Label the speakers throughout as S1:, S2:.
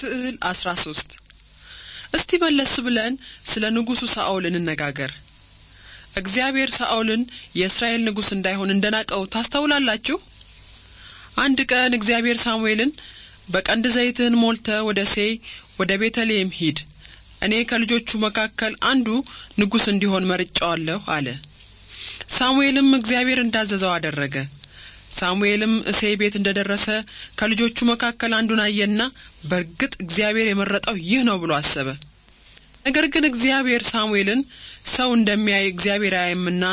S1: ስዕል 13 እስቲ መለስ ብለን ስለ ንጉሱ ሳኦል እንነጋገር። እግዚአብሔር ሳኦልን የእስራኤል ንጉስ እንዳይሆን እንደናቀው ታስተውላላችሁ። አንድ ቀን እግዚአብሔር ሳሙኤልን በቀንድ ዘይትህን ሞልተ ወደ ሴይ ወደ ቤተልሔም ሂድ፣ እኔ ከልጆቹ መካከል አንዱ ንጉስ እንዲሆን መርጫዋለሁ አለ። ሳሙኤልም እግዚአብሔር እንዳዘዘው አደረገ። ሳሙኤልም እሴ ቤት እንደደረሰ ከልጆቹ መካከል አንዱን አየና በእርግጥ እግዚአብሔር የመረጠው ይህ ነው ብሎ አሰበ። ነገር ግን እግዚአብሔር ሳሙኤልን ሰው እንደሚያይ እግዚአብሔር አያይምና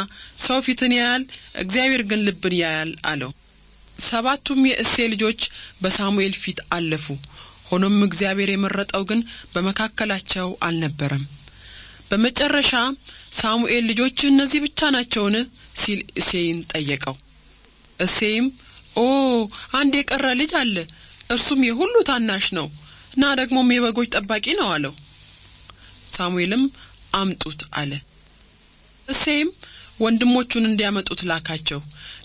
S1: ሰው ፊትን ያያል፣ እግዚአብሔር ግን ልብን ያያል አለው። ሰባቱም የእሴ ልጆች በሳሙኤል ፊት አለፉ። ሆኖም እግዚአብሔር የመረጠው ግን በመካከላቸው አልነበረም። በመጨረሻ ሳሙኤል ልጆች እነዚህ ብቻ ናቸውን? ሲል እሴይን ጠየቀው። እሴም ኦ አንድ የቀረ ልጅ አለ፣ እርሱም የሁሉ ታናሽ ነው፣ ና ደግሞም የበጎች ጠባቂ ነው አለው። ሳሙኤልም አምጡት አለ። እሴም ወንድሞቹን እንዲያመጡት ላካቸው።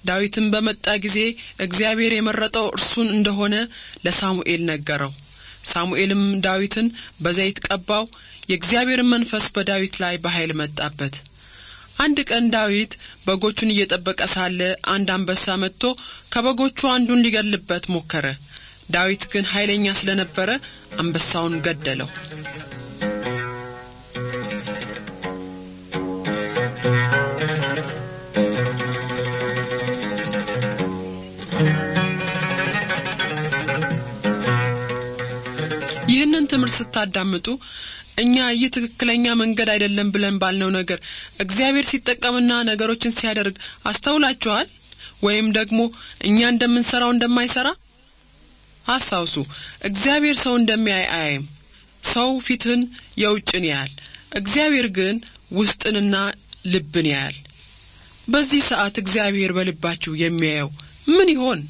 S1: ዳዊትም በመጣ ጊዜ እግዚአብሔር የመረጠው እርሱን እንደሆነ ለሳሙኤል ነገረው። ሳሙኤልም ዳዊትን በዘይት ቀባው፣ የእግዚአብሔርን መንፈስ በዳዊት ላይ በኃይል መጣበት። አንድ ቀን ዳዊት በጎቹን እየጠበቀ ሳለ አንድ አንበሳ መጥቶ ከበጎቹ አንዱን ሊገድልበት ሞከረ። ዳዊት ግን ኃይለኛ ስለነበረ አንበሳውን ገደለው። ይህንን ትምህርት ስታዳምጡ እኛ ይህ ትክክለኛ መንገድ አይደለም ብለን ባልነው ነገር እግዚአብሔር ሲጠቀምና ነገሮችን ሲያደርግ አስተውላችኋል ወይም ደግሞ እኛ እንደምንሰራው እንደማይሰራ አስታውሱ እግዚአብሔር ሰው እንደሚያይ አያይም ሰው ፊትን የውጭን ያያል እግዚአብሔር ግን ውስጥንና ልብን ያያል በዚህ ሰዓት እግዚአብሔር በልባችሁ የሚያየው ምን ይሆን